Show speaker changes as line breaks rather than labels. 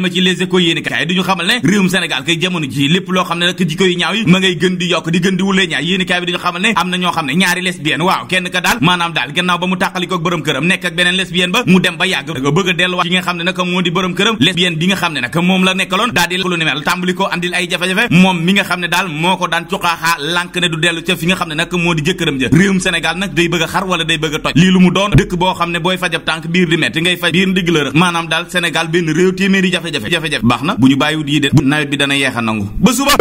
ma ci les échos yéeni kaay duñu xamal ne réewum Sénégal kay jamono ji maanaam daal di borom këram ne mel tàmbali andil ay jafe-jafe moom mi nga xam ne daal moo ko daan cuqaaxaa lànk ne du dellu ca fi nga xam ne nag moo di jëkkëram ja réewum mu doon dëkk boo xam ne booy fajab tànk biir di metti ngay faj biir ndigg la maanaam daal Sénégal benn réew téeméeri jafe jafe-jafe jafe-jafe baax na bu ñu bàyyiwut yi de nawet bi dana yeex a nangu
ba suba